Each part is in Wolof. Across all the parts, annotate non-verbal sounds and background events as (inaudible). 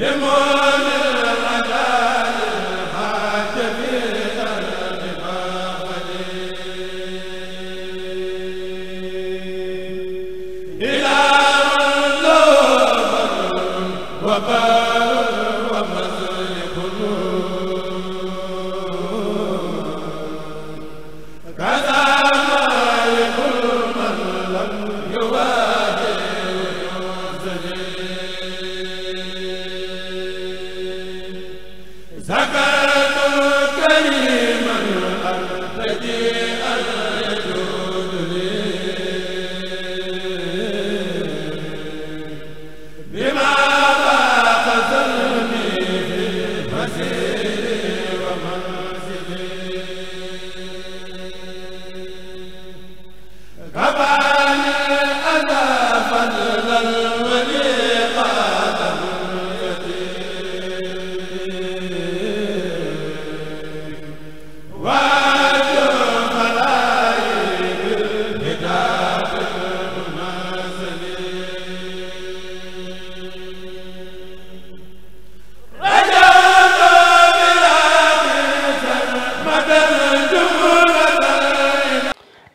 le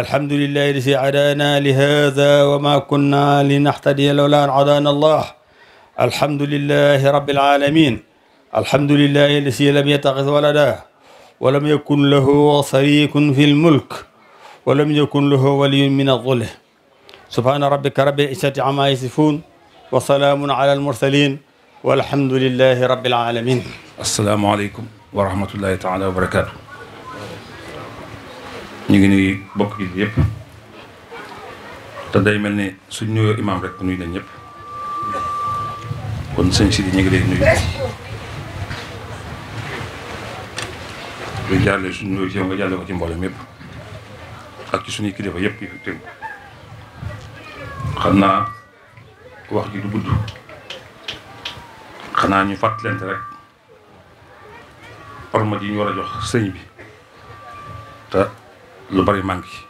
alhamdulillahi lazi hadaana li haza wa ma kunna linahtadiya lawla an hadaana allah alhamdulillahi rabbil alamin alhamdulillahi lazi lam yattakhidh walada wa lam yakun lahu sharikun fil mulk wa lam yakun lahu waliyyun min adh-dhulli subhana rabbika rabbil izzati amma yasifun wa salaamun ala al-mursalin walhamdulillahi rabbil alamin assalaamu aleykum wa rahmatullahi taala wa barakatuh ñu ngi nuyu bokk jullit yëpp te day mel ni suñ nuyoo imaam rek nuy nañ ñëpp kon sëñ Sidi ñu ngi lay nuyu luy jàlle suñ nuyoo ci yow nga jàlle ko ci mboolem yëpp ak suñuy kilifa yëpp yi fi tegu xam naa wax ji du gudd xanaa ñu fàttalante rek orma ji ñu war a jox sëñ bi te lu bari manqué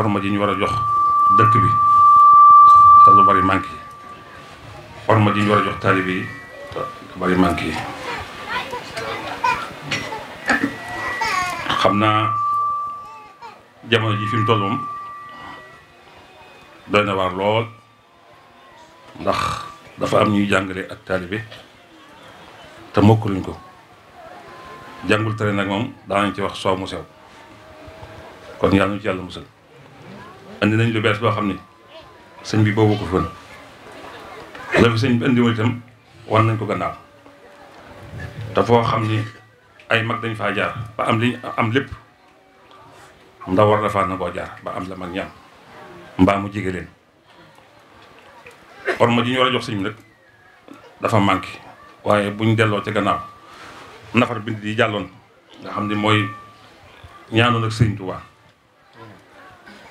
orma ji ñu war a jox dëkk bi te lu bari manqué orma ji war a jox taalibe yi te lu bari manqué xam naa jamono ji fi mu toll moom doy na waar lool ndax dafa am ñuy jàngale ak taalibe te mokk ko jàngul tere nag moom daanañ ci wax soow mu sew kon yàlla na ci yàlla musal andi nañ lu bees loo xam ne sëñ bi boobu ko fën la fi sëñ bi andi woon itam wan nañ ko gannaaw te foo xam ni mag dañ faa jaar ba am li am lépp ndaw war na na koo jaar ba am la mag ñam mbaa mu jege leen orma ji ñu war a jox sëñ bi nag dafa manqué waaye buñ delloo ci gannaaw nafar bind di jàlloon nga xam ni mooy ñaanoon ak sëñ Tuubaa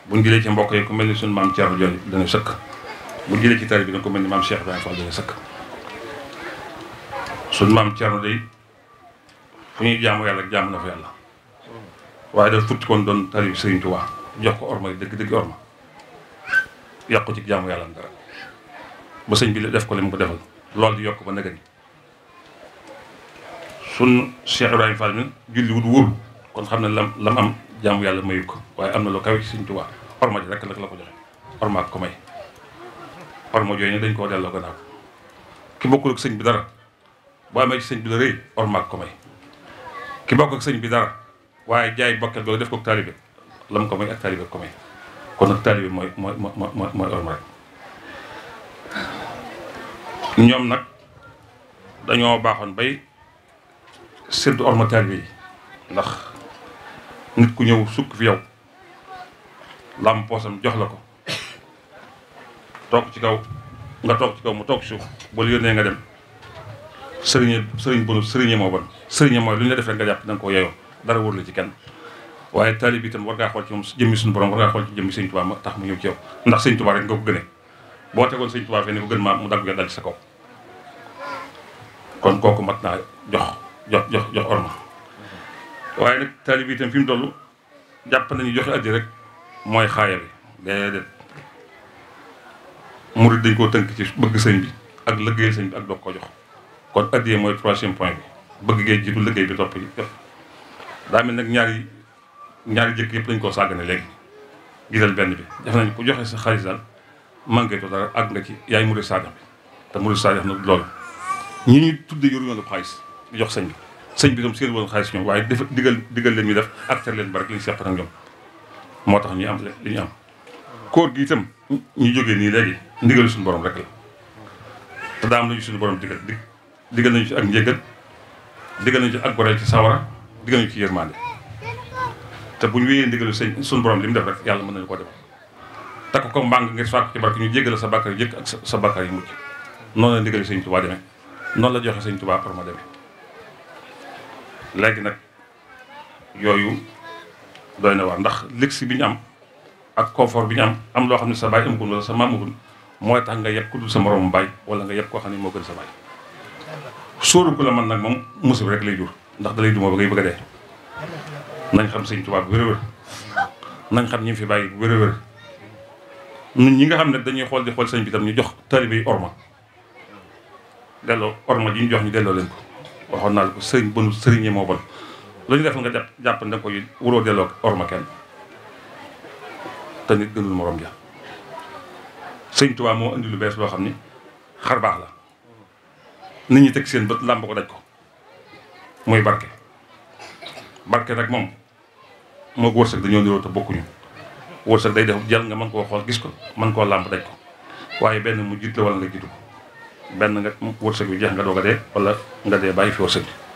buñ jëlee ci mbokk yi ku mel ni suñu maam Thierno Diop dana sëkk buñ jëlee ci tari bi nag ku mel ni maam Cheikh Ibrahima Fall dana sëkk maam Thierno day fu ñuy jaamu yàlla jaamu na fa yàlla waaye dafa futti koon doon tari Serigne Touba jox ko orma dëgg dëgg orma yàqu ci jaamu yàlla dara ba sëñ bi la def ko li mu ko defal loolu di yokk ba nag ni sun Cheikh Ibrahima Fall mi julli wut wóorul kon xam ne lam lam am jaamu yàlla mayu ko waaye am na lu kawe ci Serigne Touba orma ji rek la ko ko may orma jooyu ne dañ koo delloo gannaaw ki sëñ bi dara boo sëñ bi la rëy ko may ki bokk sëñ bi dara waaye jaay bokkeel googu def ko taalibe la ko may ak taalibe ko may kon nag taalibe mooy mooy mooy mooy ñoom nag dañoo baaxoon bay séddu orma taalibe ndax nit ku ñëw sukk fi yow lam poosam jox la ko toog ci kaw nga toog ci kaw mu toog suuf ba lu nee nga dem sëriñe sëriñ bonu sëriñe moo bon sëriñe mooy lu ñu la def rek nga jàpp da ko yeyoo dara wóor la ci kenn waaye taalib itam war ngaa xool ci moom jëmmi suñu borom war ngaa xool ci jëmmi sëñ Tuubaa ma tax mu ñëw ci yow ndax sëñ Tuubaa rek nga ko gënee boo tegoon sëñ Tuubaa fee ne ko gën maa mu dagg dal ci sa kaw kon kooku mat naa jox jox jox jox orma waaye nag mu toll jàpp nañu joxe addi rek mooy xaaya bi déedéet murid dañ koo tënk ci bëgg sëñ bi ak liggéey sëñ bi ak doog ko jox kon addiyee mooy troisième point bi bëgg gee jiitu liggéey bi topp yi daa mel nag ñaari ñaari jëkk yëpp dañ koo sàggane léegi gisal benn bi def nañ ko joxe sa xaalis daal manqué to dara ak nga ci yaay murid saadax bi te murid saadax nag loolu ñi ñu tudde yoru yoon xaalis di jox sëñ bi sëñ bi tam seen woon xaalis ñoom waaye def digal digal leen ñu def ak leen ba rek li ñu seqan ak moo tax ñu am li ñu am kóor gi itam ñu jóge nii léegi ndigalu suñu borom rek la te daam lañu suñu borom digal digal nañu ci ak njëgal digal nañu ci ak goreel ci sawara digal nañu ci yërmande te bu ñu wéyee ndigalu sëñ suñu borom lim mu def rek yàlla mën nañu koo defal takk ko mbàng ngir sàkk ci barke ñu jéggal sa bàkkaar yu jëkk ak sa bàkkaar yu mucc noonu la ndigalu sëñ Tuubaa demee noonu la joxe sañ tubaa pour ma demee léegi nag yooyu doy ne waa ndax luxe bi ñu am ak confort bi ñu am am loo xam ne sa baay amagul wala sa maam amagul mooy tax nga yeb ku dul sa moromu baay wala nga yeb koo xam ne moo gën sa baay sóoru ko la man nag moom musib rek lay jur ndax da lay duma ba ngay bëgg a dee nañ xam sëñ tubaab bu wér-wér nañ xam ñi fi bàyyi bu wér-wér ñun ñi nga xam ne dañuy xool di xool sëñ bi tam ñu jox taalibe yi orma delloo orma ji ñu jox ñu delloo leen ko waxoon naa la ko sëriñ bënu sëriñe moo lu ñu defal nga jàpp ne ko wuroo delloo orma kenn te nit gënul morom ja sëñ Tuubaa moo indi lu bees loo xam ni xar baax la nit ñi teg seen ba làmb ko daj ko muy barke barke rek moom moo ko wërsëg dañoo niroo bokkuñu wërsëg day def jël nga man koo xool gis ko mën koo làmb daj ko waaye benn mu jiit la wala nga jiitu ko benn nga wërsëg bi jeex nga doog a dee walla nga dee bàyyi fi wërsëg bi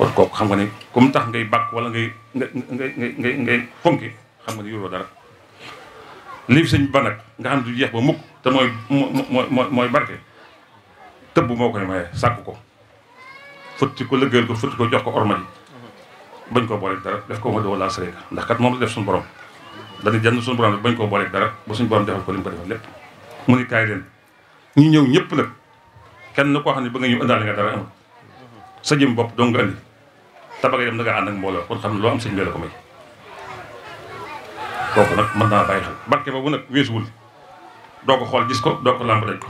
kon kooku xam nga ne comme tax ngay bàkk wala ngay nga ngay fonki xam nga ne yoroo dara lii sëñ ba nag nga xam du jeex ba mukk te mooy mooy mooy barke tëbb moo ne maye sàkk ko fëtti ko lëggéeyal ko fëtti ko jox ko orma ji bañ koo booleeg dara def koo ma doo laa sëree ndax kat moom la def suñ borom dañuy jënd suñu borom bañ koo booleeg dara ba suñu borom defal ko li mu ko defal lépp mu ni kaay leen ñu ñëw ñëpp nag kenn ko xam ne ba nga ñëw ëndaale nga sa jëm bopp doo tabagay dem da ngaa ànd ak mbooloo kon xam ne loo am sëñ bi ko may kooku nag mën naa bàyyi xel barke boobu nag weesuwul doo ko xool gis ko doo ko làmb daj ko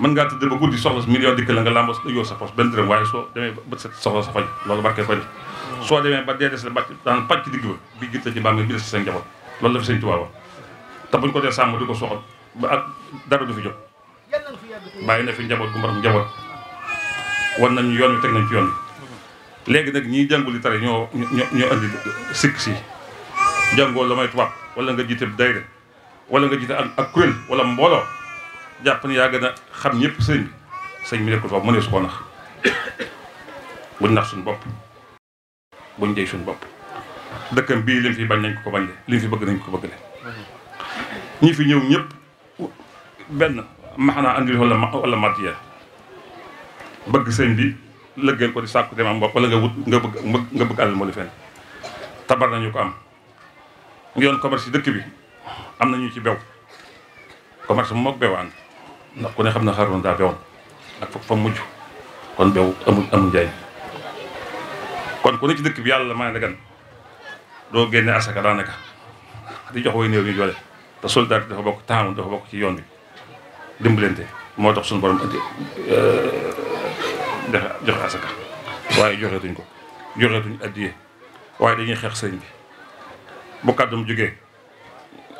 mën ngaa tëdd ba guddi soxla million dikk la nga làmb yoo sa poche benn dërëm waaye soo demee ba bët set soxla soo demee ba dee des la bàcc daan pàcc digg ba bi gita ci mbaam nga bi des seen njaboot loolu la fi sëñ Tuubaa wax te buñ ko dee sàmm di ko soxal ba ak dara du fi jot bàyyi na fi njaboot gu mbaram njaboot war nañu yoon teg nañ ci yoon léegi nag ñii jàngul li tare ñoo ñoo ñoo sikk si jàngoo la may tubaab nga jiite dayre wala nga jiite ak kuréel walla mbooloo jàpp ne yaa gën a xam ñëpp sëñ bi sëñ bi nekkul foofu mënee su ko nax (coughs) buñ nax suñu bopp buñ jëy suñu bopp dëkkam bii lim fi bañ nañ ko ko bañ le lim fi bëgg nañ ko ko bëgg le ñi fi ñëw ñëpp benn maxanaa andil wala wala matière bëgg sëñ bi lëggeel ko di sàkku dem am bopp wala nga wut nga bëgg nga bëgg alal moo li fenn ko am yoon commerce yi dëkk bi am nañu ci bew commerce mu moog bewaan ndax ku ne xam na xaroon daa bewoon ak foog fa mujj kon bew amul amul njaay kon ku ne ci dëkk bi yàlla maa ne gan doo génne asaka daanaka di jox way néew ñu joole te soldat dafa bokk taamu dafa bokk ci yoon bi dimbalante moo tax suñu borom indi euh, joxe joxe asaka waaye joxeetuñ ko joxeetuñ addiye waaye dañuy xeex sëñ bi bu kàddum jógee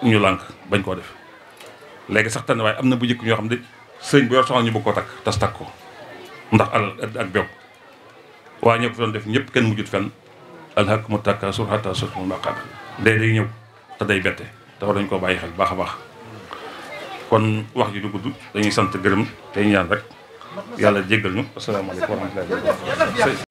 ñu lànk bañ koo def léegi sax tane waaye am na bu njëkk ñoo xam ne sëriñ bu yor soxna ñu bëgg koo takk tas takk ko ndax alal ak bew waaye ñëpp doon def ñëpp kenn mujjut takk alhaakumu takaasur hattaa mu maqaabir day day ñëw te day bette te war nañ koo bàyyi xel baax a baax kon wax ji du gudd dañuy sant gërëm tey ñaan rek yàlla jéggal ñu asalaamaaleykum wa rahmatulah